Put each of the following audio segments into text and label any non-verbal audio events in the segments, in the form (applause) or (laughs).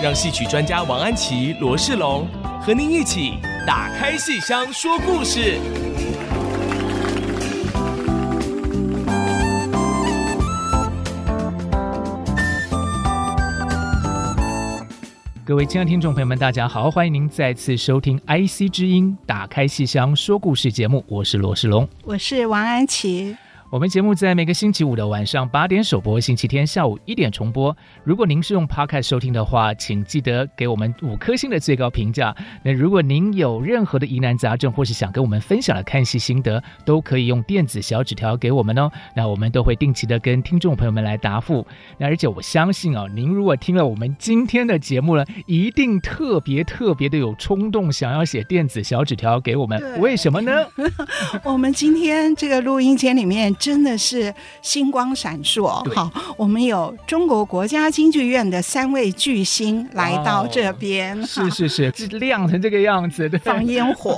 讓戲曲專家王安祈、羅世龍和您一起打開戲箱說故事。各位親愛聽眾朋友們，大家好，歡迎您再次收聽《IC 之音》打開戲箱說故事節目，我是羅世龍，我是王安祈。我們節目在每個星期五的晚上八點首播，星期天下午一點重播。如果您是用 Podcast 收聽的話，請記得給我們五顆星的最高評價。那如果您有任何的疑難雜症，或是想跟我們分享的看戲心得，都可以用電子小紙條給我們哦。那我們都會定期的跟聽眾朋友們來答覆。那而且我相信啊，您如果聽了我們今天的節目了，一定特別特別的有衝動想要寫電子小紙條給我們。對為什麼呢？ (laughs) 我們今天這個錄音間裡面。真的是星光閃爍，好，我們有中國國家京劇院的三位巨星來到這邊，是是是，亮成這個樣子，放煙火。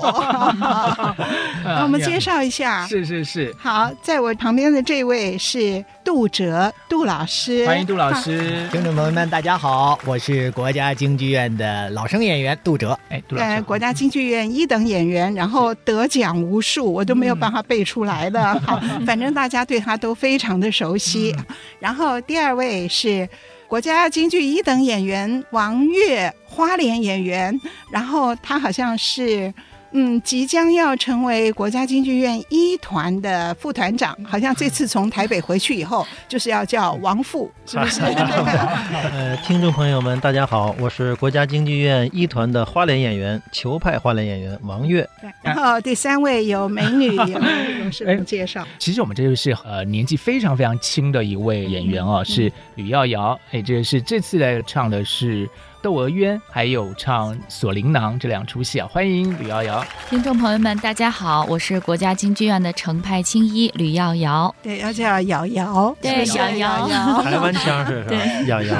那我們介紹一下，是是是，好，在我旁邊的這位是杜喆，杜老師，歡迎杜老師，聽眾朋友們，大家好，我是國家京劇院的老生演員杜喆，哎，國家京劇院一等演員，然後得獎無數，我都沒有辦法背出來的，好，反正。大家對他都非常的熟悉。嗯、然後第二位是國家京劇一級演員王越，花臉演員。然後他好像是。嗯，即將要成為國家京劇院一團的副團長，好像這次從台北回去以後，就是要叫王副， (laughs) 是不是？呃， (laughs) (laughs) 聽眾朋友們，大家好，我是國家京劇院一團的花臉演員、裘派花臉演員王越。然後第三位有美女，有請介紹、哎。其實我們這位、就是呃年紀非常非常輕的一位演員啊、哦，嗯、是呂耀瑤。哎，這是這次來唱的是。《竇娥冤》還有唱《鎖麟囊》這兩齣戲啊，歡迎呂瑤瑤。聽眾朋友們，大家好，我是國家京劇院的程派青衣呂耀瑤，對，要叫瑤瑤，對，瑤瑤，台灣腔，對，瑤瑤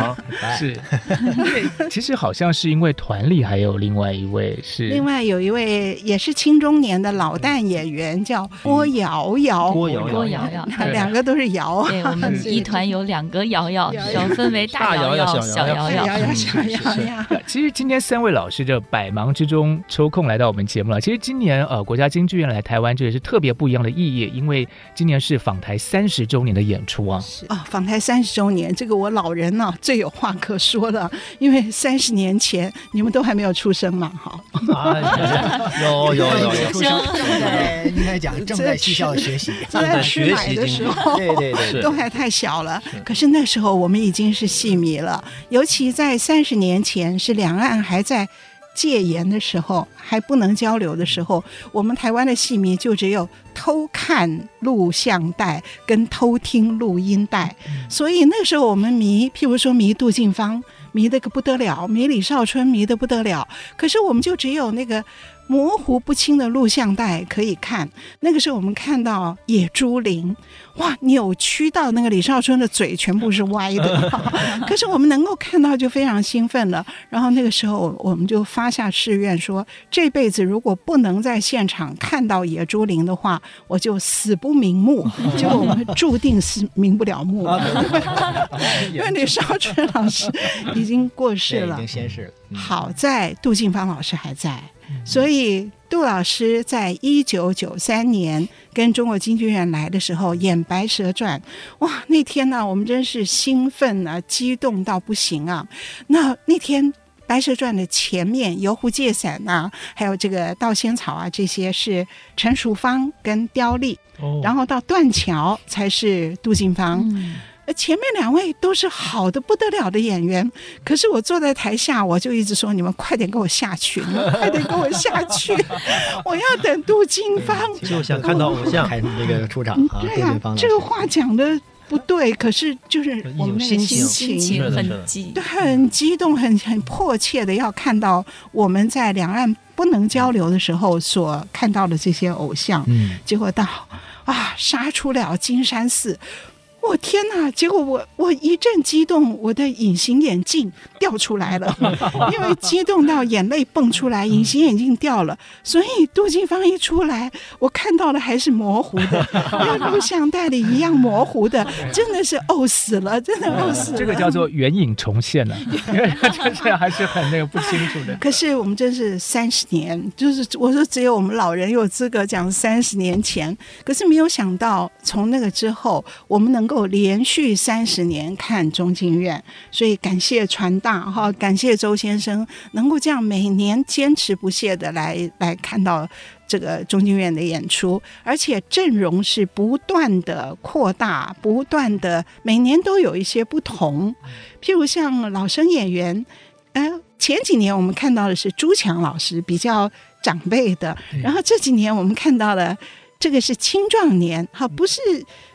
是。其實好像是因為團裡還有另外一位是，另外有一位也是青中年的老旦演員叫郭瑤瑤，郭瑤瑤，兩個都是瑤，對，我們一團有兩個瑤瑤，然後分為大瑤瑤、小瑤瑤、瑤瑤、小瑤。其實今天三位老師就百忙之中抽空來到我們節目了。其實今年呃，國家京劇院來台灣這也是特別不一樣的意義，因為今年是訪台三十周年的演出啊。是。啊、哦，訪台三十周年，這個我老人呢、啊、最有話可說了，因為三十年前你們都還沒有出生嘛，哈、啊。 (laughs) 有有有出生？對就，應該講正在戲校學習，正在學習的時候，對對對，對，都還太小了。是可是，那時候我們已經是戲迷了，尤其在三十年前是兩岸還在戒嚴的時候，還不能交流的時候，我們台灣的戲迷就只有偷看錄像帶跟偷聽錄音帶。嗯、所以那個時候我們迷，譬如說迷杜近芳，迷得不得了；迷李少春，迷得不得了。可是我們就只有那個模糊不清的錄像帶可以看。那個時候我們看到《野豬林》。哇，扭曲到那個李少春的嘴全部是歪的、 (laughs) 啊，可是我們能夠看到就非常興奮了。然後那個時候，我們就發下誓願說，這輩子如果不能在現場看到野豬林的話，我就死不瞑目， (laughs) 就我們注定是瞑不了目。 (laughs) 吧 (laughs) 因為李少春老師已經過世了，已經仙逝了。嗯、好在杜近芳老師還在，嗯、所以。杜老師在一九九三年跟中國京劇院來的時候演《白蛇傳》，哇，那天呢、啊，我們真是興奮啊，激動到不行啊。那那天《白蛇傳》的前面游湖借傘啊，還有這個盜仙草啊，這些是陳淑芳跟刁麗，哦、然後到斷橋才是杜近芳。嗯前面兩位都是好的不得了的演員，可是我坐在台下，我就一直說：“你們快點給我下去， (laughs) 你們快點給我下去，我要等杜近芳。嗯”就想看到偶像那個出場對呀、啊，這個話講得不對，啊、可是就是我們的心情，心情，心情很激，對，很激動，很很迫切的要看到我們在兩岸不能交流的時候所看到的這些偶像。嗯、結果到啊，殺出了金山寺。我天哪！結果我我一陣激動，我的隱形眼鏡掉出來了， (laughs) 因為激動到眼淚蹦出來， (laughs) 隱形眼鏡掉了。所以杜近芳一出來，我看到的還是模糊的，跟 (laughs) 錄像帶裡一樣模糊的， (laughs) 真的是嘔死了，真的嘔死了。這個叫做原影重現了、啊，重現 (laughs) (laughs) 還是很那個不清楚的。 (laughs) 可是我們真是三十年，就是我說只有我們老人有資格講三十年前，可是沒有想到從那個之後，我們能。能夠連續三十年看中京院，所以感謝傳大哈，感謝周先生能夠這樣每年堅持不懈的來來，看到這個中京院的演出，而且陣容是不斷的擴大，不斷的每年都有一些不同，譬如像老生演員，呃，前幾年我們看到的是朱強老師比較長輩的，然後這幾年我們看到了這個是青壯年哈，不是，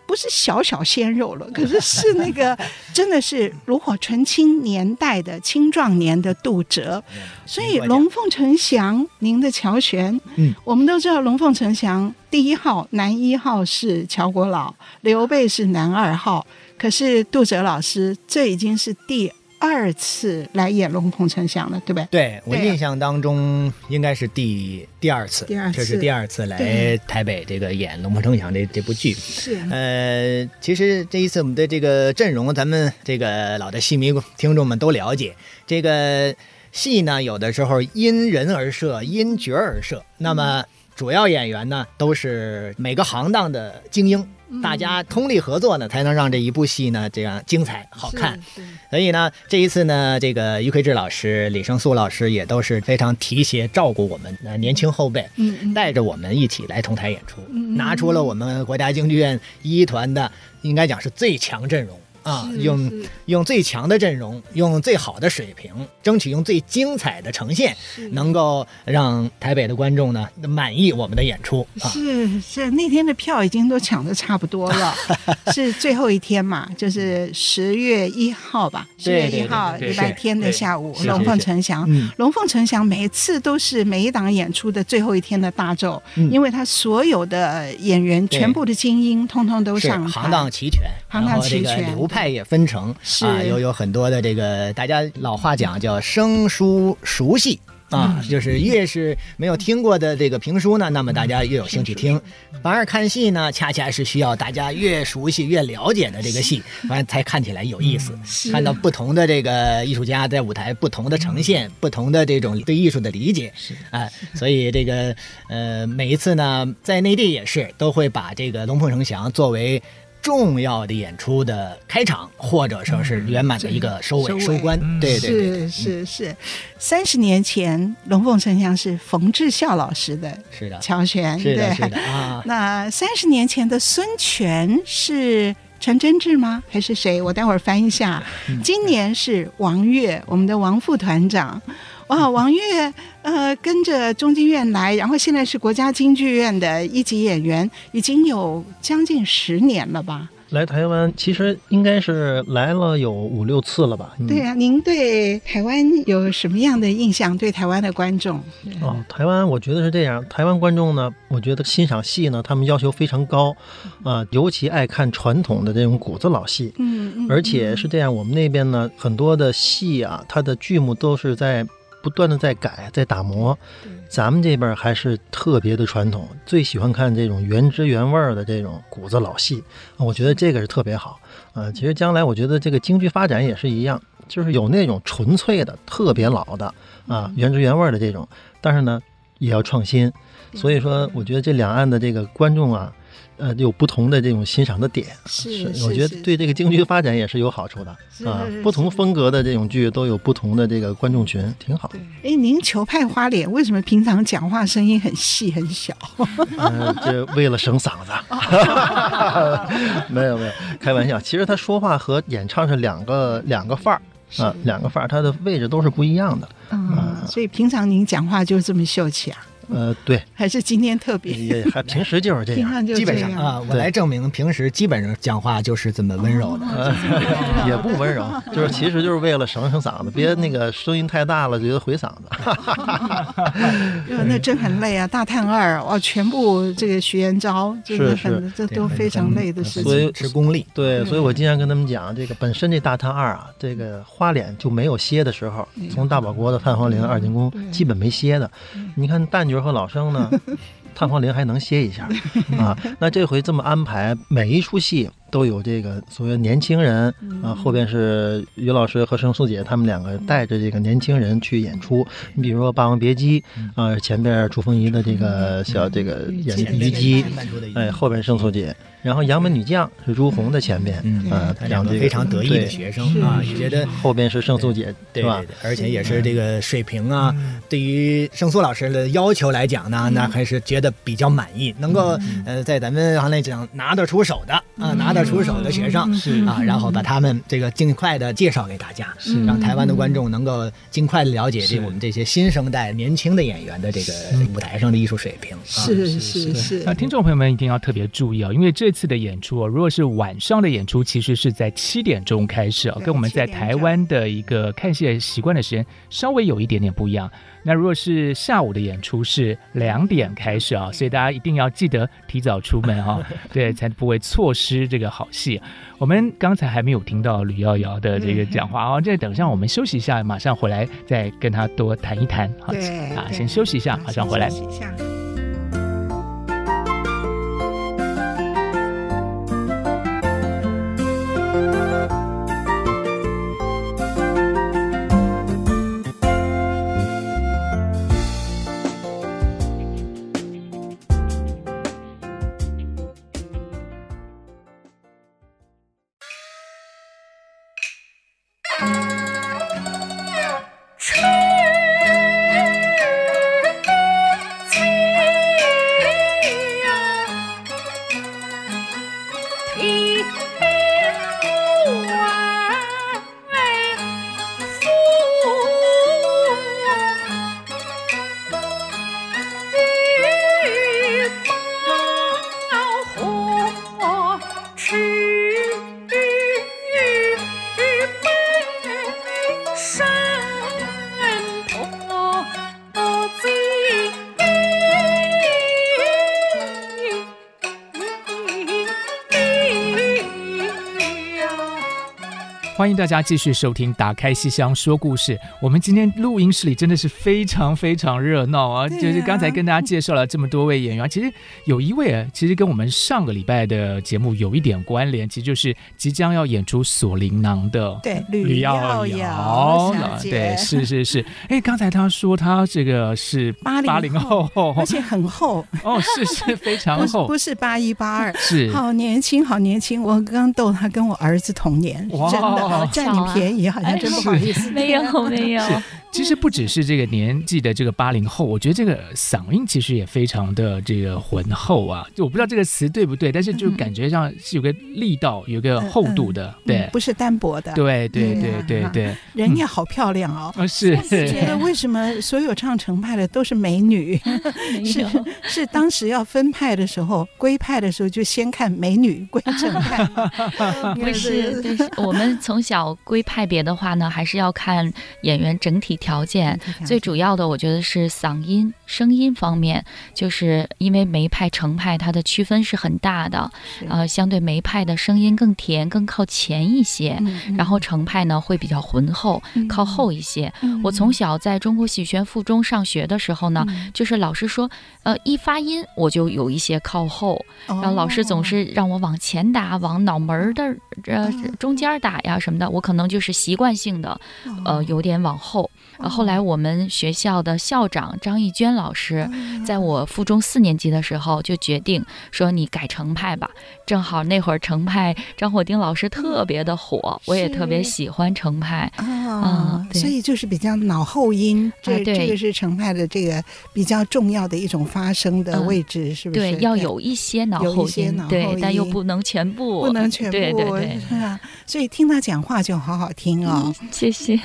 不是小小鮮肉了，可是是那個真的是爐火純青年代的青壯年的杜喆，嗯、所以《龍鳳呈祥》、嗯、《龍鳳呈祥》您的喬玄，嗯，我們都知道《龍鳳呈祥》第一號男一號是喬國老，劉備是男二號，可是杜喆老師這已經是第。二次來演《龍鳳呈祥》了，對不對？對，我印象當中應該是第、啊、第二次，二次這是第二次來台北這個演龍城的《龍鳳呈祥》這這部劇。是，呃，其實這一次我們的這個陣容，咱們這個老的戲迷聽眾們都了解。這個戲呢，有的時候因人而設，因角而設。嗯、那麼主要演員呢，都是每個行當的精英。大家通力合作呢，才能讓這一部戲呢，這樣精彩好看。是是，所以呢，這一次呢，這個於魁智老師、李勝素老師也都是非常提攜照顧我們的年輕後輩，嗯、帶着我們一起來同台演出，嗯、拿出了我們國家京劇院一團的，應該講是最強陣容。啊，用用最強的陣容，用最好的水平，爭取用最精彩的呈現，能夠讓台北的觀眾呢滿意我們的演出。是是，那天的票已經都搶得差不多了，是最後一天嘛，就是十月一號吧，十月一號禮拜天的下午，龍鳳呈祥，龍鳳呈祥每次都是每一檔演出的最後一天的大軸，因為他所有的演員全部的精英通通都上，行當齊全，行當齊全。菜也分成啊，有有很多的這個，大家老話講叫生書熟戲啊，就是越是沒有聽過的這個評書呢，那麼大家越有興趣聽；反而看戲呢，恰恰是需要大家越熟悉越了解的這個戲，完才看起來有意思，看到不同的這個藝術家在舞台不同的呈現，不同的這種對藝術的理解，是啊，所以這個呃，每一次呢，在內地也是都會把這個《龍鳳呈祥》作為。重要的演出的開場，或者說是圓滿的一個收尾、嗯、收尾、收官，嗯、對對對對，是是是。三十年前，龍鳳呈祥是馮志孝老師的，是的，喬玄，對對啊。那三十年前的孫權是陳真志嗎？還是誰？我待會兒翻一下。嗯、今年是王越，我們的王副團長。哇、哦，王越，呃，跟着中京院來，然後現在是國家京劇院的一級演員，已經有將近十年了吧。來台灣其實應該是來了有五六次了吧。嗯、對啊，您對台灣有什麼樣的印象？對台灣的觀眾？哦，台灣我覺得是這樣，台灣觀眾呢，我覺得欣賞戲呢，他們要求非常高，啊、嗯呃，尤其愛看傳統的這種骨子老戲。嗯，嗯嗯。而且是這樣，我們那邊呢，很多的戲啊，它的劇目都是在。不斷的在改，在打磨。咱們這邊還是特別的傳統，最喜歡看這種原汁原味兒的這種骨子老戲。我覺得這個是特別好啊。其實將來我覺得這個京劇發展也是一樣，就是有那種純粹的、特別老的啊，原汁原味兒的這種，但是呢也要創新。所以說，我覺得這兩岸的這個觀眾啊。呃，有不同的這種欣賞的點，是，是，是，是我覺得對這個京劇發展也是有好處的，是是是是啊。是是是，不同風格的這種劇都有不同的這個觀眾群，是是是，挺好的。哎，您裘派花臉，為什麼平常講話聲音很細很小？嗯、呃，這為了省嗓子。 (laughs) (laughs) 沒有沒有，開玩笑。其實他說話和演唱是兩個兩個範兒是啊，兩個範兒，他的位置都是不一樣的、嗯、啊。所以平常您講話就是這麼秀氣啊？呃，對，還是今天特別。也還平時就是這樣。基本上啊，我來證明，平時基本上講話就是這麼溫柔的，也不溫柔，就是其實就是為了省省嗓子，別那個聲音太大了，覺得毀嗓子。哈哈哈那真很累啊！大探二哇，全部這個徐延昭，真的是這都非常累的事情。所以是功力，對，所以我經常跟他們講，這個本身這大探二啊，這個花臉就沒有歇的時候，從大保國的范皇陵二進宮，基本沒歇的。你看大女。和老生呢，探皇陵還能歇一下 (laughs) 啊？那這回這麼安排，每一出戲，都有這個所謂年輕人啊，後邊是於老師和勝素姐他們兩個帶着這個年輕人去演出。你比如說《霸王別姬》啊，前邊朱逢儀的這個小這個演虞姬，哎，後邊勝素姐，然後《楊門女將》是朱紅的前邊啊，兩個非常得意的學生啊，你覺得後邊是勝素姐，對吧？而且也是這個水平啊。對於勝素老師的要求來講呢，那還是覺得比較滿意，能夠呃，在咱們行來講拿得出手的啊，拿得。出手的學生、嗯、是啊，嗯、是，然後把他們這個儘快的介紹給大家，嗯、讓台灣的觀眾能夠儘快的了解這我們這些新生代年輕的演員的這個舞台上的藝術水平。是、啊、是是，是，是。那聽眾朋友們一定要特別注意啊，因為這次的演出、啊，如果是晚上的演出，其實是在七點鐘開始啊，跟我們在台灣的一個看戲習慣的時間稍微有一點點不一樣。那如果是下午的演出，是兩點開始啊，Okay. 所以大家一定要記得提早出門啊， (laughs) 對，才不會錯失這個好戲。我們剛才還沒有聽到呂耀瑤的這個講話哦、啊，這 (laughs) 等一下我們休息一下，馬上回來再跟她多談一談，好，對啊，先休息一下，對馬上回來。歡迎大家繼續收聽《打開戲箱說故事》。我們今天錄音室裡真的是非常非常熱鬧啊！啊就是剛才跟大家介紹了這麼多位演員，其實有一位，其實跟我們上個禮拜的節目有一點關聯，其實就是即將要演出鎖《鎖麟囊》的對，呂耀瑤，瑤的小、呃、對，是是是。哎，剛才他說他這個是八八零後後，而且很厚哦，是是非常厚，不是八一八二，是好年輕，好年輕。我剛逗他跟我兒子同年，哇真的。Oh, 占你便宜，好巧啊，好像真不好意思。是沒有， (laughs) 沒有。其實不只是這個年紀的這個八零後，我覺得這個嗓音其實也非常的這個渾厚啊，就我不知道這個詞對不對，但是就感覺像是有個力道，有個厚度的，對，不是單薄的，對對對對對。人也好漂亮哦，是是覺得為什麼所有唱程派的都是美女？是是，當時要分派的時候，歸派的時候就先看美女歸程派，不是，我們從小歸派別的話呢，還是要看演員整體條件最主要的，我覺得是嗓音、聲音方面，就是因為梅派、程派它的區分是很大的。是呃，相對梅派的聲音更甜、更靠前一些，嗯、然後程派呢會比較渾厚、嗯、靠後一些。嗯、我從小在中國戲曲學院附中上學的時候呢，嗯、就是老師說，呃，一發音我就有一些靠後，然後老師總是讓我往前打、往腦門兒的這、呃、中間打呀什麼的，我可能就是習慣性的，呃，有點往後。後來我們學校的校長張藝娟老師，在我附中四年級的時候就決定說，你改程派吧。正好那會兒程派張火丁老師特別的火，我也特別喜歡程派啊，對。所以就是比較腦後音，啊、對，這個是程派的這個比較重要的一種發聲的位置，是不是？嗯、對，要有一些腦後音，對，但又不能全部，不能全部，對對對，對，所以聽他講話就好好聽哦。嗯、謝謝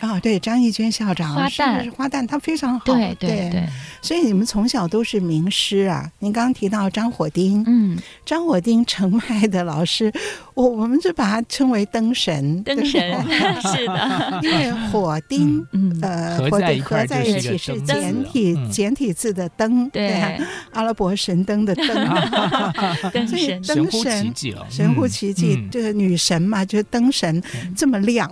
啊，哦、對張藝。娟校長是不是花旦？她非常好，對對對。所以你們從小都是名師啊！您剛剛提到張火丁，嗯，張火丁程派的老師，我我們就把它稱為燈神。燈神是的，因為火丁，火丁，合在一起是簡體簡體字的燈，對，阿拉伯神燈的燈，燈神，神乎其技了，神乎其技，就是女神嘛，就是燈神這麼亮，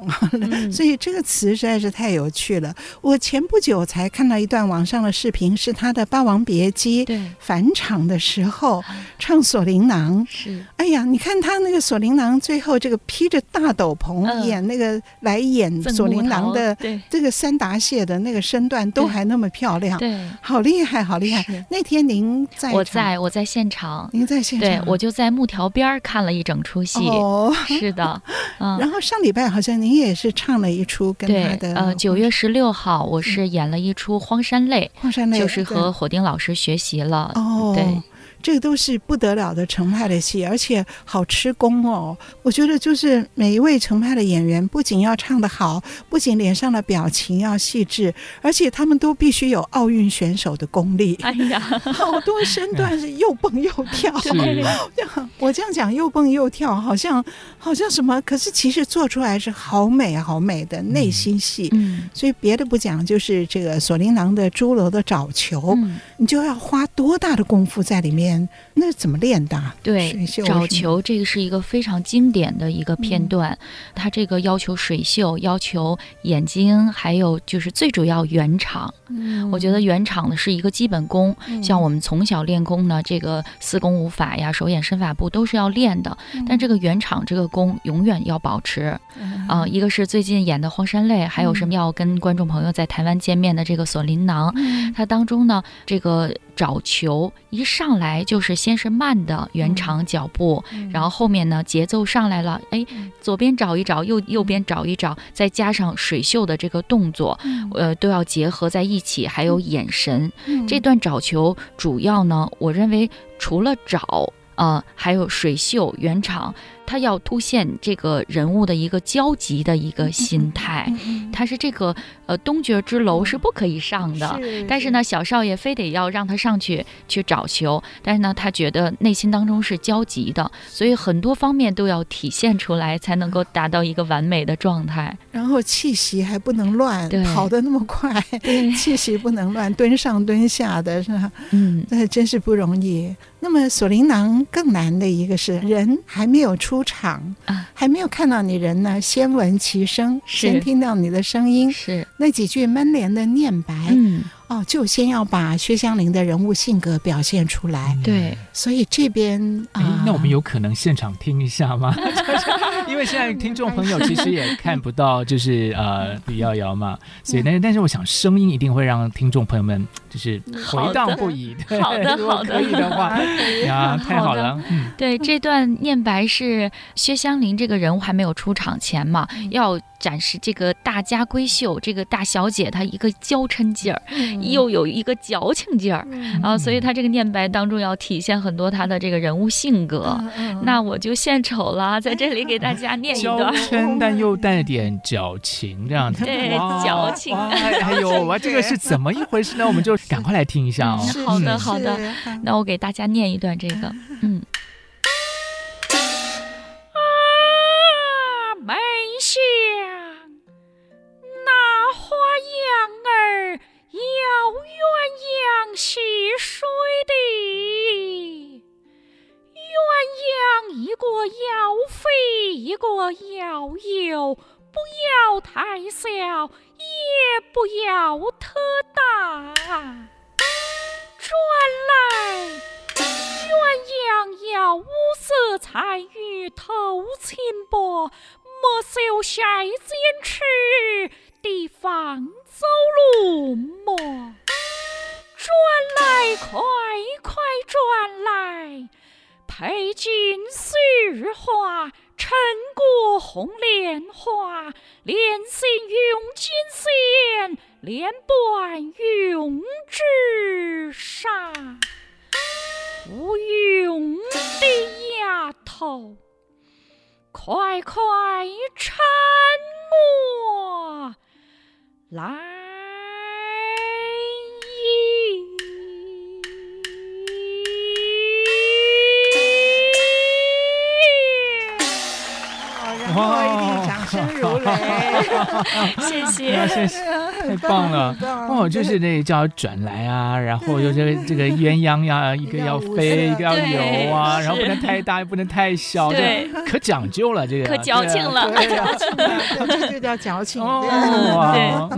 所以這個詞實在是太有。去了。我前不久才看到一段網上的視頻，是他的《霸王別姬》對返場的時候對唱《鎖麟囊》是。是哎呀，你看他那個《鎖麟囊》，最後這個披着大斗篷演那個來演鎖麟囊的，這個三打蟹的那個身段都還那麼漂亮，對，對。好厲害，好厲害。是那天您在，我在我在現場，您在現場對，我就在木條邊看了一整出戲。哦，是的，嗯。然後上禮拜好像您也是唱了一出跟他的呃九。五月十六號，我是演了一出《荒山淚》，嗯、就是和火丁老師學習了。哦，對。對 oh. 對。這個都是不得了的程派的戲，而且好吃功哦。我覺得就是每一位程派的演員，不僅要唱得好，不僅臉上的表情要細緻，而且他們都必須有奧運選手的功力。哎呀，好多身段是又蹦又跳。 (laughs) 嗯、我這樣講又蹦又跳，好像好像什麼？可是其實做出來是好美好美的內心戲。嗯，嗯所以別的不講，就是這個《鎖麟囊》的朱樓的找球，嗯、你就要花。多大的功夫在裡面？那怎麼練的？水袖對，找球這個是一個非常經典的一個片段。它、嗯、這個要求水袖，要求眼睛，還有就是最主要圓場。嗯、我覺得圓場呢是一個基本功。嗯、像我們從小練功呢，這個四功五法呀，手眼身法步都是要練的。嗯、但這個圓場這個功永遠要保持。啊、嗯呃，一個是最近演的《荒山淚》，還有什麼要跟觀眾朋友在台灣見面的這個索《鎖麟囊》，它當中呢，這個找。球一上來就是先是慢的圓場腳步，嗯、然後後面呢節奏上來了，哎，左邊找一找，右右邊找一找，再加上水袖的這個動作，嗯、呃，都要結合在一起，還有眼神。嗯、這段找球主要呢，我認為除了找，呃，還有水袖圓場。他要凸顯這個人物的一個焦急的一個心態，他是這個呃東角之樓是不可以上的，但是呢小少爺非得要讓他上去去找球，但是呢他覺得內心當中是焦急的，所以很多方面都要體現出來才能夠達到一個完美的狀態。然後氣息還不能亂，跑得那麼快，氣息不能亂，蹲上蹲下的是吧？嗯，那真是不容易。那麼鎖麟囊更難的一個是人還沒有出，出場還沒有看到你人呢，先聞其聲，是先聽到你的聲音，是那幾句悶簾的念白，嗯哦，就先要把薛湘靈的人物性格表現出來，對，所以這邊，那我們有可能現場聽一下嗎？因為現在聽眾朋友其實也看不到，就是呃，呂耀瑤嘛，所以，但是，但是我想聲音一定會讓聽眾朋友們就是回盪不已。好的，好的，如果可以的話，啊，太好了。嗯，對，這段念白是薛湘靈這個人物還沒有出場前嘛，要展示這個大家閨秀，這個大小姐她一個嬌嗔勁兒。又有一個矯情勁兒、嗯、啊，所以他這個念白當中要體現很多他的這個人物性格。嗯、那我就獻醜了，在這裡給大家念一段。嬌、哎、但又帶點矯情，這樣子。對，哇矯情。哎呦，我這個是怎麼一回事呢？是我們就趕快來聽一下哦。嗯、好的，好的。那我給大家念一段這個，嗯。一個要有，不要太小，也不要特大。轉來鴛鴦要五色彩魚頭輕薄，莫受世間痴的方走路寞。轉來快快轉來，陪君奢話。紅蓮花，蓮心用金線，蓮瓣用朱砂。無用的丫頭，快快攙我來。哇！掌聲如雷，謝謝，謝謝，太棒了！哦，就是那叫轉來啊，然後就是這個鴛鴦呀，一個要飛，一個要游啊，然後不能太大，也不能太小，對，可講究了這個，可矯情了，矯情了，對呀，這就叫矯情。哇，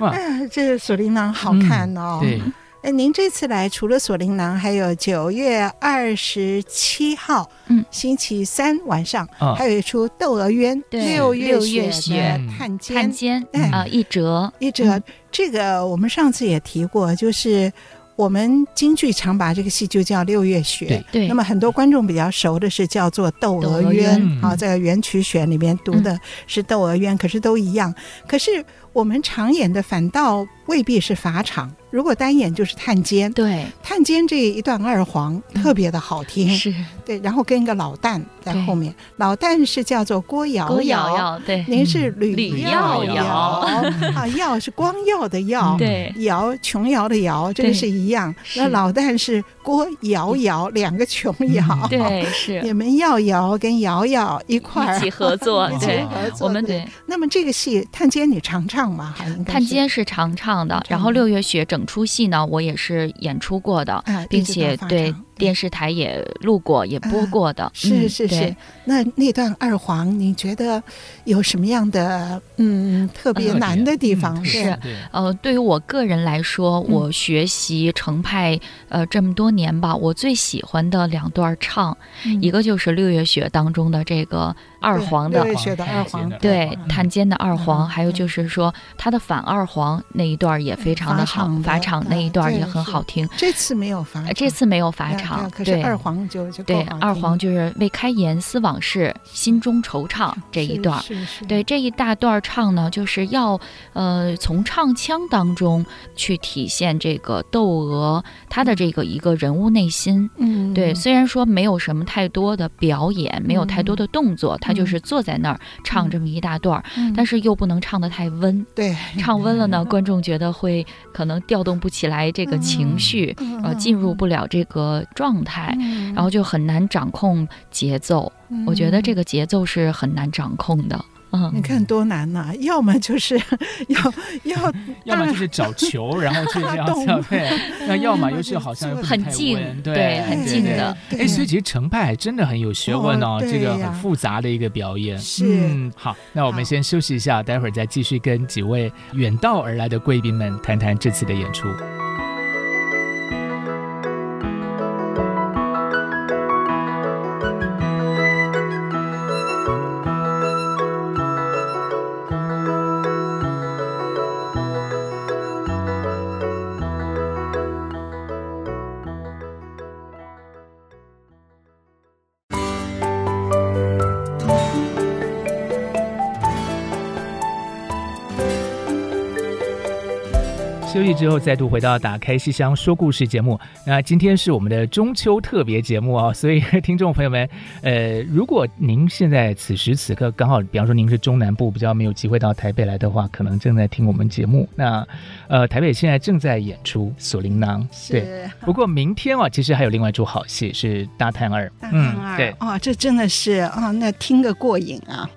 哇，這個鎖麟囊好看哦。對。那您這次來除了《鎖麟囊》，還有九月二十七號，嗯，星期三晚上，還有一出《竇娥冤》。六月雪探監，探監啊！一折一折，這個我們上次也提過，就是我們京劇常把這個戲就叫《六月雪》。對，那麼很多觀眾比較熟的是叫做《竇娥冤》啊，在元曲選裡面讀的是《竇娥冤》，可是都一樣。可是我們常演的反倒未必是法場，如果單演就是探監，對探監這一段二黃特別的好聽，是對，然後跟一個老旦在後面，老旦是叫做郭瑤，郭瑤瑤，對，您是呂呂耀瑤啊，瑤是光耀的耀。對，瑤瓊瑤的瑤，這個是一樣，那老旦是郭瑤瑤兩個瓊瑤，對是，你們耀瑤跟瑤瑤一塊兒一起合作，一起合作，對，我們對，那麼這個戲探監你常唱嗎？探監是常唱的，然後六月雪整。演出戲呢，我也是演出過的，並且、啊、對。電視台也錄過，也播過的，是是是。那那段二黃，你覺得有什麼樣的嗯特別難的地方？是呃，對於我個人來說，我學習程派呃這麼多年吧，我最喜歡的兩段唱，一個就是《六月雪》當中的這個二黃的，《六月雪》的二黃，對探監的二黃，還有就是說他的反二黃那一段也非常的好，法場那一段也很好聽。這次沒有法場。這次沒有法場。唱對二黃就，就對二黃就是未開言思往事心中惆悵這一段兒，對這一大段兒唱呢，就是要呃從唱腔當中去體現這個竇娥他的這個一個人物內心。嗯，對，雖然說沒有什麼太多的表演，沒有太多的動作，他就是坐在那兒唱這麼一大段兒，但是又不能唱得太溫。對，唱溫了呢，觀眾覺得會可能調動不起來這個情緒，呃，進入不了這個。狀態，然後就很難掌控節奏。我覺得這個節奏是很難掌控的。嗯，你看多難吶！要麼就是要要，要麼就是找球，然後就這樣調配。那要麼又是好像很近，對，很近的。哎，所以其實程派還真的很有學問哦，這個很複雜的一個表演。是。嗯，好，那我們先休息一下，待會兒再繼續跟幾位遠道而來的貴賓們談談這次的演出。又再度回到打開戲箱，說故事節目，那今天是我們的中秋特別節目啊、哦，所以聽眾朋友們，呃，如果您現在此時此刻剛好，比方說您是中南部比較沒有機會到台北來的話，可能正在聽我們節目，那呃台北現在正在演出《鎖麟囊》，對，是不過明天啊，其實還有另外一出好戲是《大探二》，大探二，對，哦，這真的是啊、哦，那聽個過癮啊。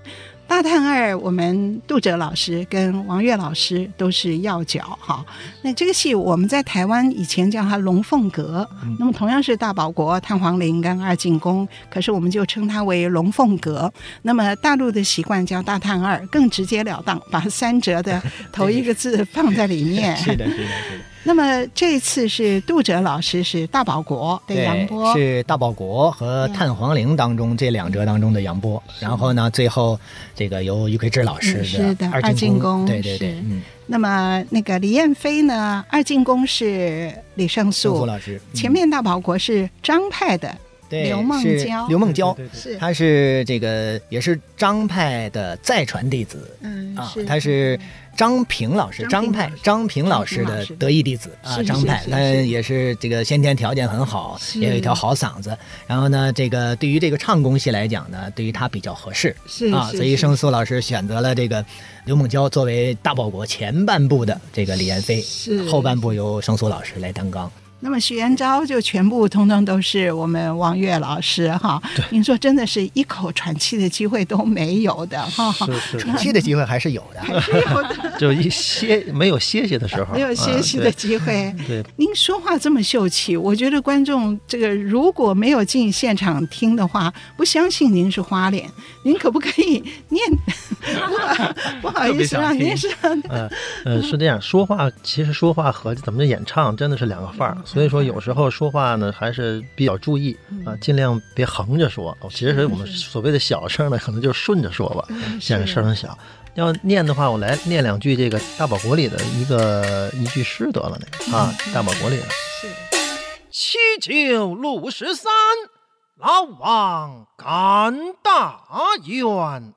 大探二，我們杜喆老師跟王越老師都是要角哈。那這個戲我們在台灣以前叫它龍鳳閣，那麼同樣是大保國、探皇陵跟二進宮，可是我們就稱它為龍鳳閣。那麼大陸的習慣叫大探二，更直截了當，把三折的頭一個字放在裡面。 (laughs) 是的，是的，是的。那麼這次是杜喆老師，是大保國的楊波，是大保國和探皇陵當中這兩折當中的楊波。然後呢，最後這個由於魁智老師的二進宮，對對對，嗯。那麼那個李燕飛呢，二進宮是李勝素，前面大保國是張派的劉夢嬌，劉夢嬌，他是這個也是張派的再傳弟子，嗯，啊，他是。張，張平老師，張派，張平，張平老師的得意弟子對啊，張派，他也是這個先天條件很好，是也有一條好嗓子。然後呢，這個對於這個唱功戲來講呢，對於他比較合適，是是是是啊，所以勝素老師選擇了這個劉夢嬌作為大保國前半部的這個李豔妃，是是是，後半部由勝素老師來擔綱。那麼徐延昭就全部通通都是我們王越老師哈，對您說真的是一口喘氣的機會都沒有的哈，是是喘氣的機會還是有的。還是有的 (laughs) 就一歇沒有歇歇的時候，沒有歇息的機會。啊、對，嗯、對您說話這麼秀氣，我覺得觀眾這個如果沒有進現場聽的話，不相信您是花臉。您可不可以念？不好意思啊，您是、嗯。嗯、呃，是這樣。說話其實說話和咱們的演唱真的是兩個範兒，嗯、所以說有時候說話呢還是比較注意、嗯、啊，儘量別橫着說。哦、其實我們所謂的小聲呢，嗯、可能就順着說吧，顯得聲音小。要念的話，我來念兩句這個《大保國》裡的一個一句詩得了，那個啊，嗯、《大保國》裡的是七九六十三，老王敢大圓，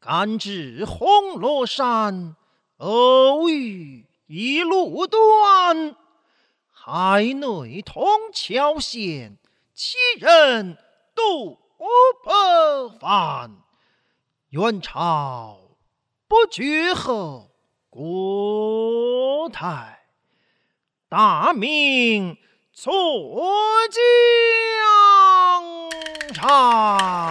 趕至紅羅山，偶遇一路端，海內通橋險，七人渡破帆，元朝。不覺和國泰大明坐江唱，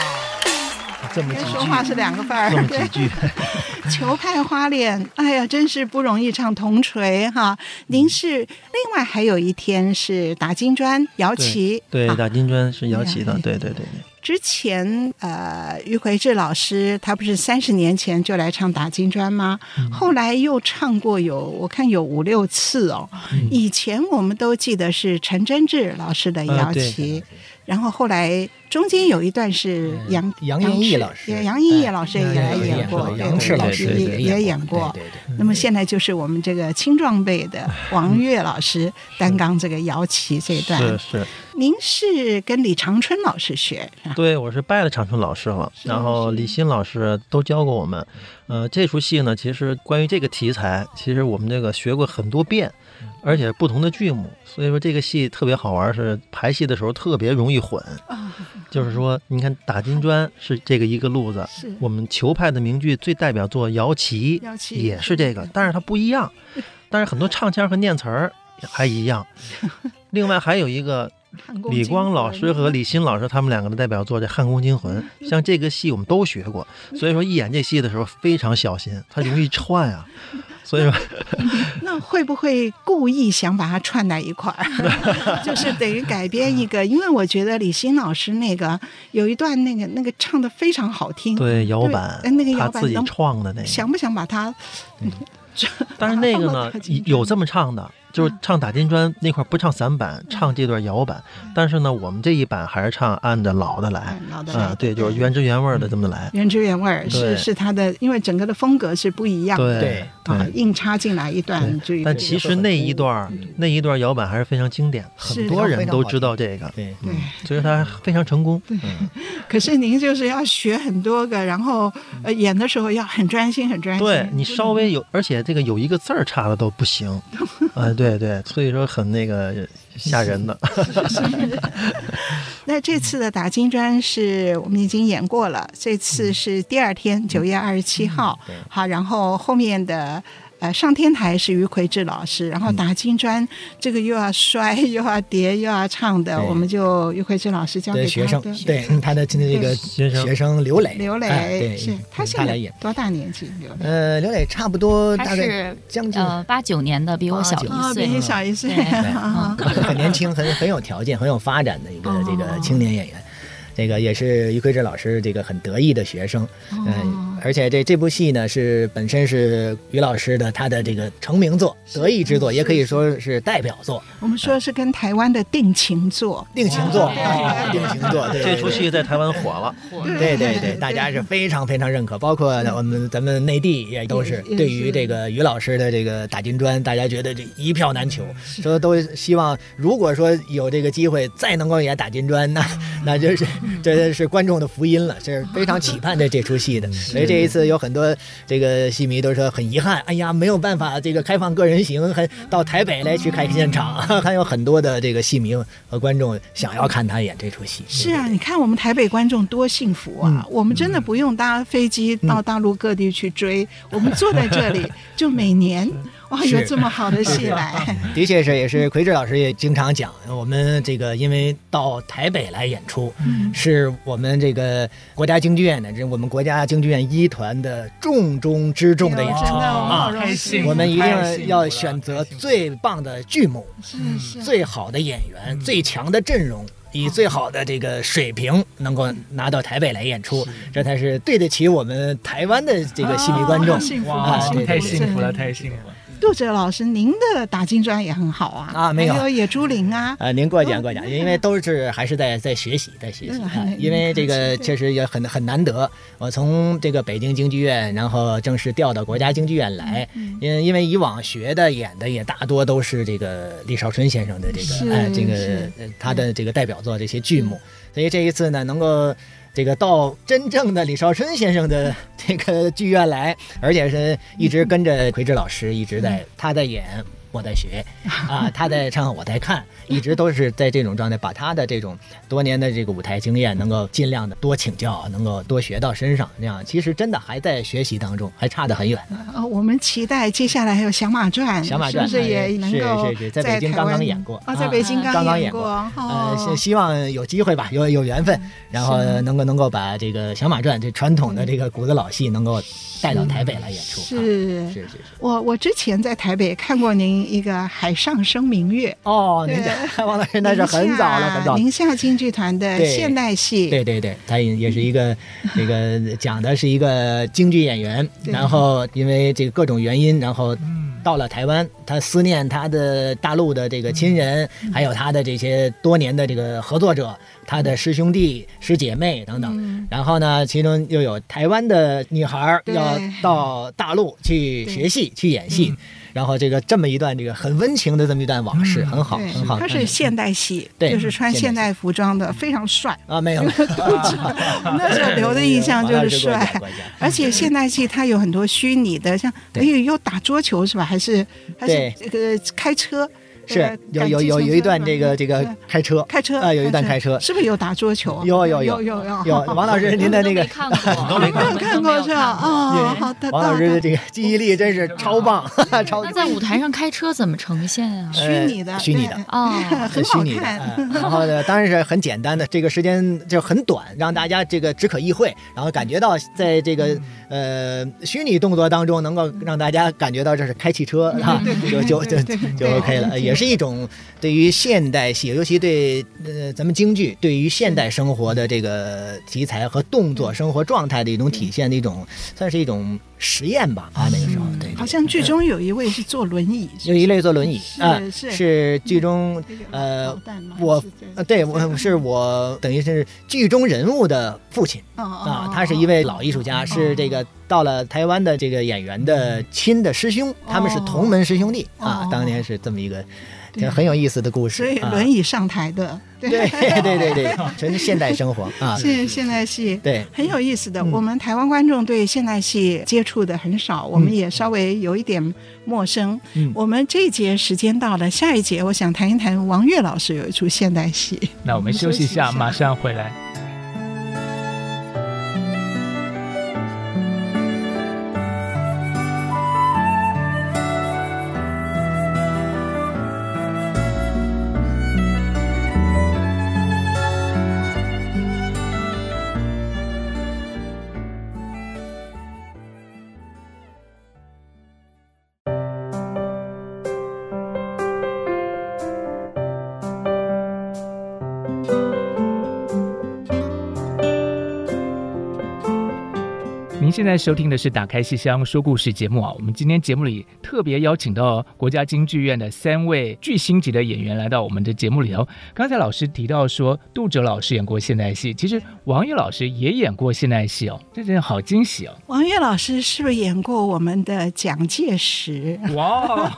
這麼幾句說話是兩個範兒，對。這麼幾句，裘派花臉，哎呀，真是不容易唱銅錘哈。您是另外還有一天是打金磚、姚期，對，對啊、打金磚是姚期的，對對對。之前，呃，於魁智老師他不是三十年前就來唱打金磚嗎？後來又唱過有，我看有五六次哦。以前我們都記得是陳真志老師的搖旗。嗯呃然後後來中間有一段是楊、嗯、楊雲逸老師，楊雲老,、嗯、老師也演過，嗯、楊赤老師也演過。那麼現在就是我們這個青壯輩的王越老師擔、嗯、綱這個搖旗這一段。是是。是是，您是跟李長春老師學？對，我是拜了長春老師了，然後李欣老師都教過我們。呃，這出戲呢，其實關於這個題材，其實我們這個學過很多遍。而且不同的劇目，所以說這個戲特別好玩，是排戲的時候特別容易混。就是說，你看打金磚是這個一個路子，我們裘派的名劇最代表作《姚期》也是這個，但是它不一樣。但是很多唱腔和念詞兒還一樣。另外還有一個。李光老師和李欣老師，他們兩個的代表作這《漢宮驚魂》，像這個戲我們都學過，所以說一演這戲的時候非常小心，它容易串啊，所以說。那會不會故意想把它串在一塊兒？就是等於改編一個？因為我覺得李欣老師那個有一段那個那個唱的非常好聽，對，搖板，哎那個搖板他自己創的那，想不想把它？但是那個呢，有這麼唱的。就是唱打金磚那塊不唱散板，唱這段搖板。但是呢，我們這一版還是唱按着老的來，啊，對，就是原汁原味的這麼來。原汁原味是是它的，因為整個的風格是不一樣的。對，啊，硬插進來一段。但其實那一段那一段搖板還是非常經典，很多人都知道這個。對，所以他它非常成功。對，可是您就是要學很多個，然後演的時候要很專心，很專心。對，你稍微有，而且這個有一個字兒差了都不行。啊，對。對對，所以說很那個嚇人的。那這次的打金磚是我們已經演過了，這次是第二天嗯、九月二十七號，嗯嗯、好，然後後面的。呃，上天台是於魁智老師，然後打金磚，這個又要摔又要跌又要唱的，我們就於魁智老師教給學生。對他的這個學生劉磊，劉磊，是他現在多大年紀？劉磊呃，劉磊差不多，大概是將近八九年的，比我小一歲，比你小一歲，很年輕，很很有條件，很有發展的一個這個青年演員，這個也是於魁智老師這個很得意的學生，嗯。而且這這部戲呢，是本身是於老師的他的這個成名作，得意之作，也可以說是代表作。我們說是跟台灣的《定情作》《定情作》《定情作》，對，這出戲在台灣火了，對對對，大家是非常非常認可，包括我們咱們內地也都是對於這個於老師的這個打金磚，大家覺得這一票難求，說都希望如果說有這個機會再能夠演打金磚，那那就是這是觀眾的福音了，這是非常期盼這這出戲的。這一次有很多這個戲迷都說很遺憾，哎呀，沒有辦法這個開放個人行，還到台北來去看現場，還有很多的這個戲迷和觀眾想要看他演這出戲。對對對。是啊，你看我們台北觀眾多幸福啊！嗯，我們真的不用搭飛機到大陸各地去追，嗯，我們坐在這裡就每年。 (laughs) 哇，有這麼好的戲來，的確是，也是奎志老師也經常講，我們這個因為到台北來演出，是我們這個國家京劇院的，這我們國家京劇院一團的重中之重的演出啊，我們一定要選擇最棒的劇目，最好的演員，最強的陣容，以最好的這個水平能夠拿到台北來演出，這才是對得起我們台灣的這個戲迷觀眾啊，太幸福了，太幸福了。杜喆老師，您的打金磚也很好啊！啊，沒有，有野豬林啊！呃、啊，您過獎、啊、過獎、啊，因為都是還是在在學習，在學習、啊啊。因為這個確實也很很難得。我從這個北京京劇院，然後正式調到國家京劇院來，因、嗯、因為以往學的演的也大多都是這個李少春先生的這個是哎這個他的這個代表作這些劇目，嗯、所以這一次呢能夠。這個到真正的李少春先生的這個劇院來，而且是一直跟着魁智老師，一直在他在演。我在學，啊、呃，他在唱，我在看，一直都是在這種狀態， (laughs) 把他的這種多年的這個舞台經驗，能夠儘量的多請教，能夠多學到身上那樣。其實真的還在學習當中，還差得很遠。啊、呃，我們期待接下來還有《響馬傳》，《響馬傳》是不是也能夠在北京剛剛演過？啊，在北京剛剛,剛演過。哦、呃，希望有機會吧，有有緣分，嗯、然後能夠能夠把這個《響馬傳》這傳統的這個骨子老戲能夠帶到台北來演出。是是、嗯、是，啊、是是是我我之前在台北看過您。一個海上生明月哦，您講王老師那是很早了，很早了寧夏京劇團的現代戲，對對對，他也也是一個這個講的是一個京劇演員，然後因為這個各種原因，然後到了台灣，他思念他的大陸的這個親人，還有他的這些多年的這個合作者，他的師兄弟、師姐妹等等，然後呢，其中又有台灣的女孩要到大陸去學戲、去演戲。然後這個這麼一段這個很溫情的這麼一段往事，很好，很好。它是現代戲，對，就是穿現代服裝的，非常帥啊！沒有，沒有，那時候留的印象就是帥。而且現代戲它有很多虛擬的，像哎呦，又打桌球是吧？還是還是這個開車。是有有有有一段這個這個開車開車啊，有一段開車是不是有打桌球？有有有有有。王老師，您的那個看過，沒看過啊啊！王老師的這個記憶力真是超棒，超。那在舞台上開車怎麼呈現啊？虛擬的，虛擬的啊，很虛擬的。然後呢，當然是很簡單的，這個時間就很短，讓大家這個只可意會，然後感覺到在這個呃虛擬動作當中，能夠讓大家感覺到這是開汽車，哈，就就就就 OK 了，也是。是一種對於現代戲，尤其對呃咱們京劇，對於現代生活的這個題材和動作、生活狀態的一種體現的一種，算是一種。實驗吧，啊，那個時候對，好像劇中有一位是坐輪椅，有一位坐輪椅，啊，是是劇中呃，我呃，對我是我等於是劇中人物的父親，啊，他是一位老藝術家，是這個到了台灣的這個演員的親的師兄，他們是同門師兄弟啊，當年是這麼一個。挺很有意思的故事，所以輪椅上台的，啊、對對對對對，全是現代生活啊，現現代戲，對，很有意思的。嗯、我們台灣觀眾對現代戲接觸的很少，我們也稍微有一點陌生。嗯、我們這一節時間到了，下一節我想談一談王越老師有一出現代戲。那我們休息一下，馬上回來。您現在收聽的是《打開戲箱說故事》節目啊，我們今天節目裡特別邀請到國家京劇院的三位巨星級的演員來到我們的節目裡頭、哦。剛才老師提到說杜喆老師演過現代戲，其實王越老師也演過現代戲哦，這真的好驚喜哦！王越老師是不是演過我們的蔣介石？哇，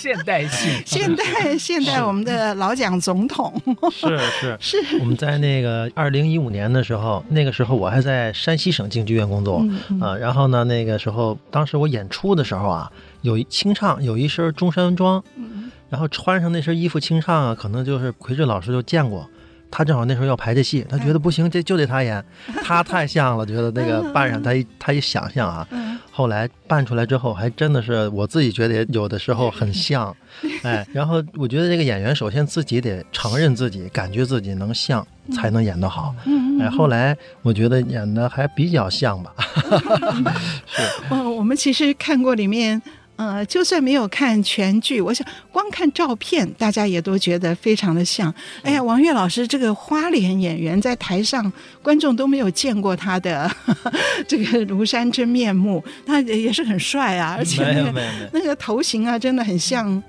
現代戲， (laughs) 現代現代我們的老蔣總統是，是是是，是我們在那個二零一五年的時候，那個時候我還在山西省京劇院工作。嗯嗯、啊，然後呢？那個時候，當時我演出的時候啊，有一清唱，有一身中山裝，嗯、然後穿上那身衣服清唱啊，可能就是魁智老師就見過，他正好那時候要排這戲，他覺得不行，嗯、這就得他演，嗯、他太像了，覺得那個扮上、嗯、他一他一想象啊，嗯、後來扮出來之後，還真的是我自己覺得有的時候很像，嗯、哎，然後我覺得這個演員首先自己得承認自己，是感覺自己能像。才能演得好。嗯嗯嗯哎，後來我覺得演得還比較像吧。 (laughs) 是 (laughs) 我。我們其實看過裡面，呃，就算沒有看全劇，我想光看照片，大家也都覺得非常的像。是哎呀，王越老師這個花臉演員在台上，觀眾都沒有見過他的呵呵這個廬山真面目，他也是很帥啊，而且那個沒有沒有那個頭型啊，真的很像。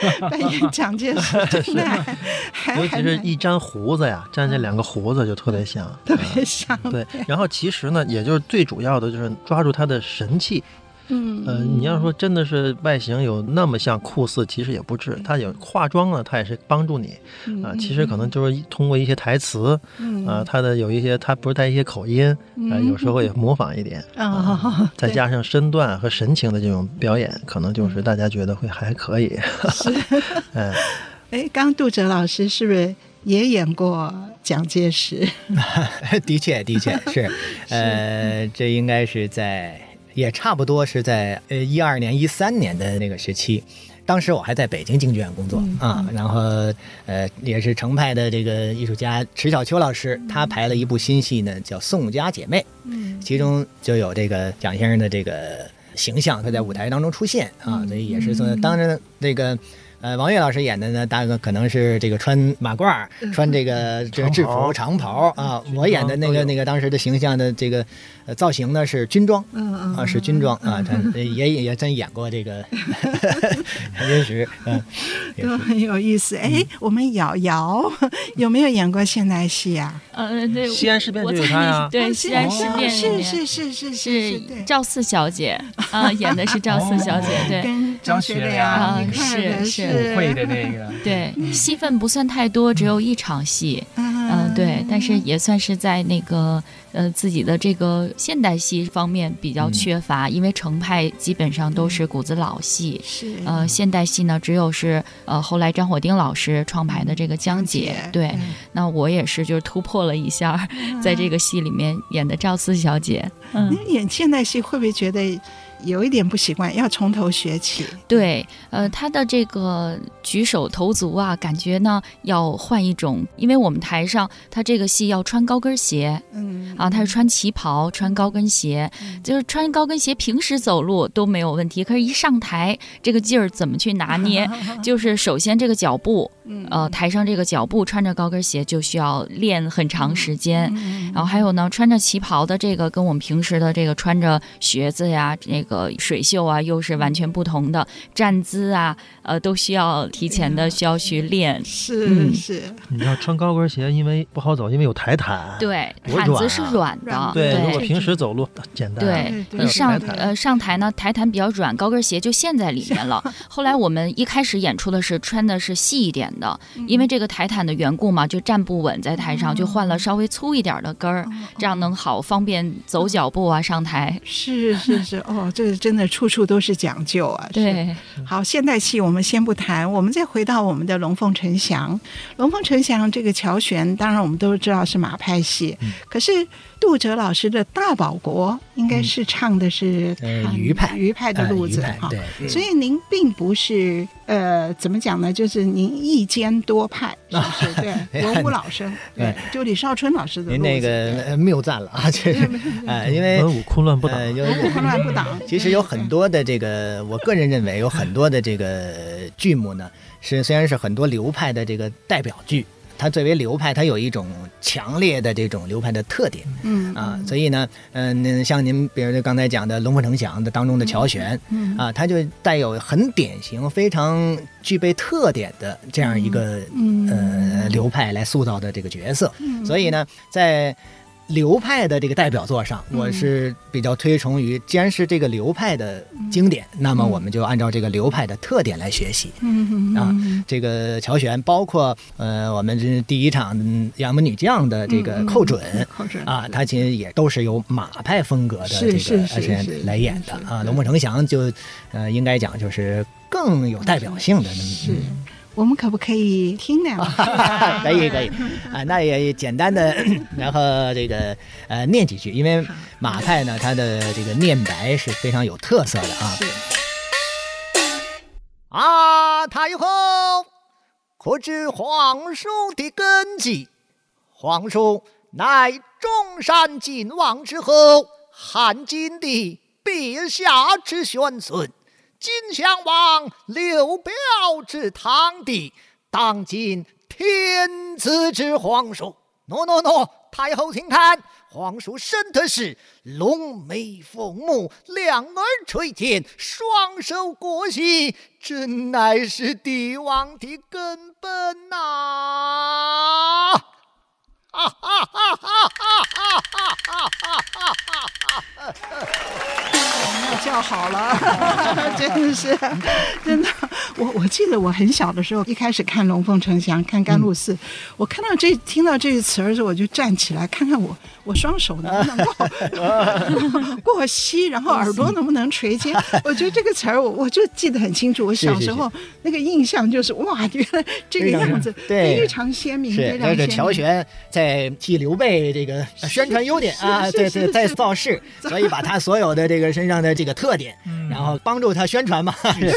(laughs) 扮演蔣介石，是 (laughs) 是，還尤其是，一粘鬍子呀，還粘這兩個鬍子就特別像，嗯嗯、特別像。呃、特別像，對，然後其實呢，也就是最主要的就是抓住他的神氣。嗯、呃、你要說真的是外形有那麼像酷似，其實也不至。他有化妝呢，他也是幫助你啊、呃。其實可能就是通過一些台詞，啊、嗯，他、呃、的有一些他不是帶一些口音啊、嗯呃，有時候也模仿一點啊，呃哦、再加上身段和神情的這種表演，可能就是大家覺得會還可以。是，嗯呵，哎，剛杜喆老師是不是也演過蔣介石？ (laughs) 的確，的確是，呃，是這應該是在。也差不多是在呃一二年一三年的那個時期，當時我還在北京京劇院工作、嗯、啊，然後呃也是程派的這個藝術家遲小秋老師，嗯、他排了一部新戲呢，叫《宋家姐妹》嗯，其中就有這個蔣先生的這個形象，他在舞台當中出現啊，嗯、所以也是說當時那個。呃，王越老師演的呢，大概可能是這個穿馬褂，穿這個這個制服長袍啊。我演的那個那個當時的形象的這個造型，呢是軍裝，嗯嗯啊，是軍裝啊，他也也真演過這個，還真是。嗯，都很有意思。哎，我們瑤瑤有沒有演過現代戲呀？嗯，對，西安事變，對他，對西安事變是是是是是趙四小姐啊，演的是趙四小姐，對。張學良是是舞會的那個，對，戲份不算太多，只有一場戲。嗯，對，但是也算是在那個呃自己的這個現代戲方面比較缺乏，因為程派基本上都是骨子老戲。是。呃，現代戲呢，只有是呃後來張火丁老師創排的這個江姐。對。那我也是，就是突破了一下，在這個戲裡面演的趙四小姐。嗯。您演現代戲會不會覺得？有一點不習慣，要從頭學起。對，呃，他的這個舉手投足啊，感覺呢要換一種，因為我們台上他這個戲要穿高跟鞋，嗯，啊，他是穿旗袍穿高跟鞋，嗯、就是穿高跟鞋平時走路都沒有問題，可是一上台這個勁兒怎麼去拿捏？哈哈哈哈就是首先這個腳步，呃，台上這個腳步穿着高跟鞋就需要練很長時間，嗯、然後還有呢，穿着旗袍的這個跟我們平時的這個穿着靴子呀，這個。個水袖啊，又是完全不同的站姿啊，呃，都需要提前的需要去練。是是，你要穿高跟鞋，因為不好走，因為有台毯。對，毯子是軟的。對，如果平時走路簡單。對，你上呃上台呢，台毯比較軟，高跟鞋就陷在裡面了。後來我們一開始演出的時候穿的是細一點的，因為這個台毯的緣故嘛，就站不穩在台上，就換了稍微粗一點的跟兒，這樣能好方便走腳步啊，上台。是是是，哦。這真的處處都是講究啊！是，對，好，現代戲我們先不談，我們再回到我們的龍鳳呈祥《龍鳳呈祥》。《龍鳳呈祥》這個喬玄，當然我們都知道是馬派戲，嗯、可是杜喆老師的大保國，應該是唱的是譚余、嗯呃、派余派的路子哈。呃對嗯、所以您並不是。呃，怎麼講呢？就是您一兼多派，是不是？啊、對，文武老生，啊、對，嗯、就李少春老師的。您那個謬讚了啊，這對。就是對呃因為文武昆亂不擋，文武昆亂不擋。 (laughs) 其實有很多的這個，我個人認為有很多的這個劇目呢，是雖然是很多流派的這個代表劇。它作為流派，它有一種強烈的這種流派的特點，嗯啊，嗯所以呢，嗯、呃，像您，比如剛才講的《龍鳳呈祥》的當中的喬玄，嗯,嗯啊，他就帶有很典型、非常具備特點的這樣一個、嗯、呃流派來塑造的這個角色，嗯嗯、所以呢，在。流派的這個代表作上，我是比較推崇於，既然是這個流派的經典，那麼我們就按照這個流派的特點來學習。啊，這個喬玄，包括呃，我們這第一場楊門女將的這個寇準，啊，他其實也都是由馬派風格的這個，而且來演的啊。龍鳳呈祥就，呃，應該講就是更有代表性的。嗯。我們可不可以聽呢、？ (laughs) 啊、可以，可以啊。那也簡單的，然後這個呃念幾句，因為馬派呢，他的這個念白是非常有特色的啊。是啊，太后可知皇叔的根基？皇叔乃中山靖王之後，漢景帝陛下之玄孫，金襄王劉表之堂弟，當今天子之皇叔。喏喏喏，太后請看，皇叔生得是龍眉鳳目，兩耳垂肩，雙手裹膝，真乃是帝王的根本吶、啊。啊哈哈哈哈哈哈，啊啊啊啊啊！我們要叫好了， (laughs) 真的是啊， (laughs) 真的是啊，真的，我我記得我很小的時候，一開始看《龍鳳呈祥》看甘露寺，我看到這聽到這個詞兒時，我就站起來看看我，我雙手能不能過膝，然後耳朵能不能垂肩？我覺得這個詞兒我我就記得很清楚。我小時候那個印象就是哇，原來這個樣子，對，非常鮮明，非常鮮明。喬玄在替劉備這個宣傳優點啊，對，對，在造勢，所以把他所有的這個身上的這個特點，然後幫助他宣傳嘛。對，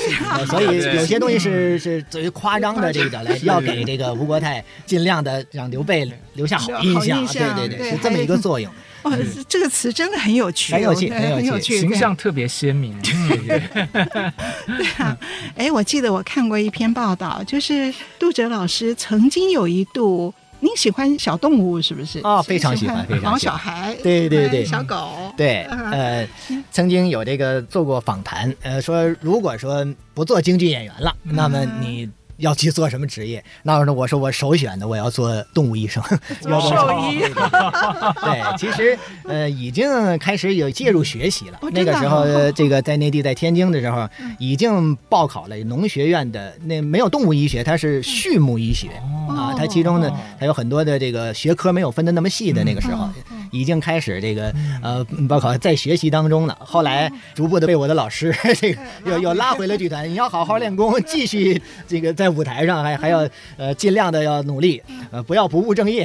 所以有些東西是是最誇張的這個，要給這個吳國太盡量的讓劉備留下好印象。對對對，是這麼一個。作用哦，這個詞真的很有趣，很有趣，很有趣。形象特別鮮明。對啊，哎，我記得我看過一篇報道，就是杜喆老師曾經有一度，你喜歡小動物是不是？哦，非常喜歡，非常喜歡。小孩，對對對，小狗，對，呃，曾經有這個做過訪談，呃，說如果說不做京劇演員了，那麼你要去做什麼職業？那我說我首選的，我要做動物醫生，獸醫、哦 (laughs) 對，其實呃已經開始有介入學習了。嗯、那個時候，嗯、這個在內地，在天津的時候，嗯、已經報考了農學院的那沒有動物醫學，它是畜牧醫學、嗯、啊。它其中呢，它有很多的這個學科沒有分的那麼細的、嗯、那個時候，已經開始這個呃報考在學習當中了。後來逐步的被我的老師、嗯、這個又又拉回了劇團，嗯、你要好好練功，繼續這個在。舞台上還還要呃盡量的要努力，呃不要不務正業。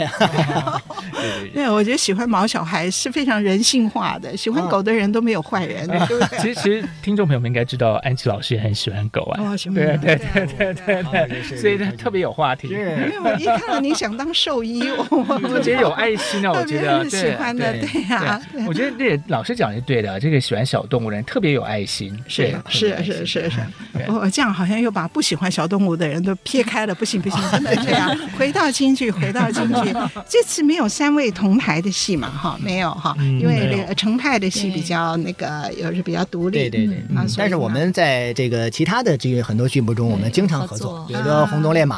對，我覺得喜歡毛小孩是非常人性化的，喜歡狗的人都沒有壞人，對不對？其實聽眾朋友們應該知道，安祈老師也很喜歡狗啊，對對對對對對，所以呢特別有話題。對，因為我一看到你想當獸醫，我覺得有愛心啊，我覺得喜歡的，對呀。我覺得這老師講是對的，這個喜歡小動物人特別有愛心，是是是是是，我這樣好像又把不喜歡小動物的人都撇開了，不行不行，不能這樣。回到京劇，回到京劇，這次沒有三位同台的戲嘛？哈，沒有哈，因為程派的戲比較那個，也是比較獨立。對對對。但是我們在這個其他的劇很多劇目中，我們經常合作，比如說《紅鬃烈馬》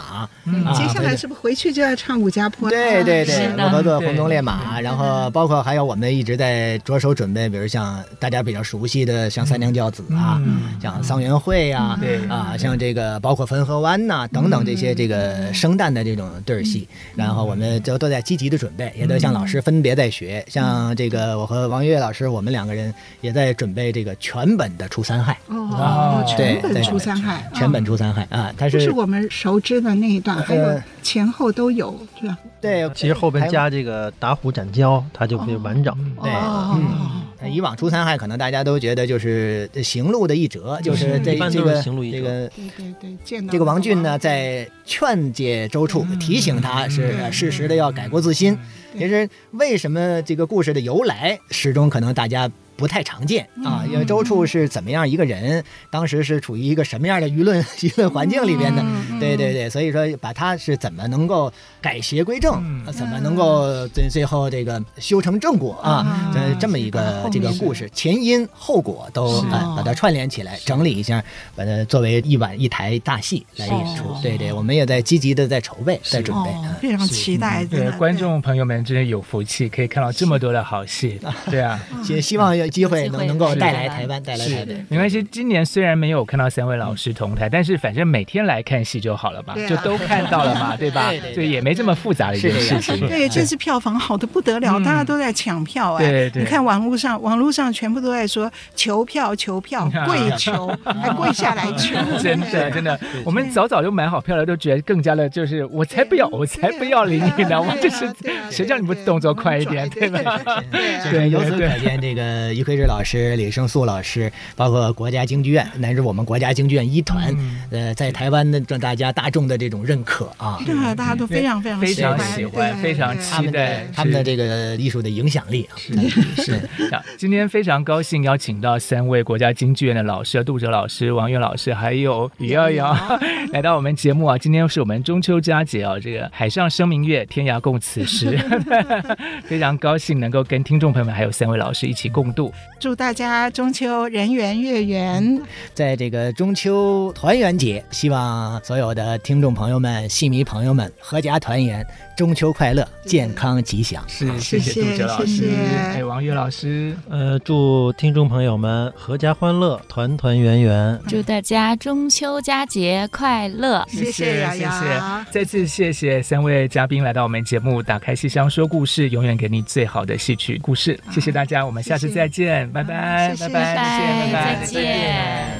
嗯，接下來是不是回去就要唱《武家坡》？對對對，我合作《紅鬃烈馬》，然後包括還有我們一直在着手準備，比如像大家比較熟悉的，像《三娘教子》啊，像《桑園會》呀，對啊，像這個包括《汾河灣》。啊、等等這些這個生旦的這種對兒戲，嗯、然後我們就都在積極的準備，嗯、也都向老師分別在學。嗯、像這個我和王越老師，我們兩個人也在準備這個全本的《除三害》哦。對哦，全本《除三害》，全、哦、全本《除三害》哦、啊，它是。就是我們熟知的那一段，還有前後都有，是吧？對，其實後邊加這個打虎斬蛟，它就可以完整。對，嗯，以往除三害，可能大家都覺得就是行路的一折，就是這個這個。這個王俊呢，在勸解周處，提醒他是適時的要改過自新。其實為什麼這個故事的由來始終可能大家不太常見啊？因為周處是怎麼樣一個人，當時是處於一個什麼樣的輿論輿論環境裡邊的？對對對，所以說把他是怎麼能夠改邪歸正，怎麼能夠最最後這個修成正果啊？這這麼一個這個故事前因後果都啊把它串聯起來整理一下，把它作為一晚一台大戲來演出。對對，我們也在積極的在籌備在準備、哦，非常期待、嗯嗯嗯、對觀眾朋友們。真是有福氣，可以看到這麼多的好戲，對啊，也希望有機會能夠帶來台灣，帶來台灣。沒關係，今年雖然沒有看到三位老師同台，但是反正每天來看戲就好了吧，就都看到了嘛，對吧？對，也沒這麼複雜的一件事情。對，這次票房好得不得了，大家都在搶票，對，你看網絡上，網絡上全部都在說求票，求票，跪求，還跪下來求。真的，真的，我們早早就買好票了，都覺得更加的，就是我才不要，我才不要理你呢，我這是誰？讓你們動作快一點，對吧？對，由此可見，這個於魁智老師、李勝素老師，包括國家京劇院，乃至我們國家京劇院一團，呃，在台灣的讓大家大眾的這種認可啊，對，大家都非常非常非常喜歡，非常期待他們的這個藝術的影響力。是是，今天非常高興邀請到三位國家京劇院的老師，杜喆老師、王越老師，還有呂耀瑤來到我們節目啊。今天是我們中秋佳節啊，這個海上生明月，天涯共此時。 (laughs) 非常高興能夠跟聽眾朋友們還有三位老師一起共度。祝大家中秋人圓月圓。嗯，在這個中秋團圓節，希望所有的聽眾朋友們、戲迷朋友們合家團圓。中秋快樂，健康吉祥。是，謝謝杜喆老師，還有、哎、王越老師。呃，祝聽眾朋友們，闔家歡樂，團團圓圓。嗯、祝大家中秋佳節快樂。謝謝、啊，是是啊、謝謝。再次謝謝三位嘉賓來到我們節目，打開戲箱說故事，永遠給你最好的戲曲故事。啊、謝謝大家，我們下次再見，是是拜拜，拜拜，謝謝，再見。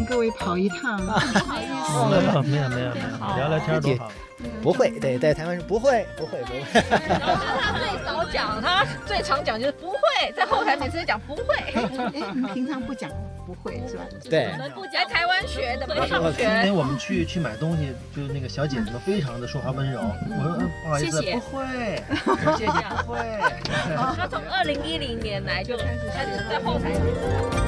跟各位跑一趟，不好意思，沒有沒有沒有，聊聊天多好，不會。對，在台灣是不會不會不會。他最早講他最常講就是不會，在後台每次講不會。哎，你們平常不講不會是吧？對，我們不講台灣學的嘛。今天我們去去買東西，就是那個小姐姐們非常的說話溫柔，我說不好意思，不會，謝謝不會。他從二零一零年來就一直在後台。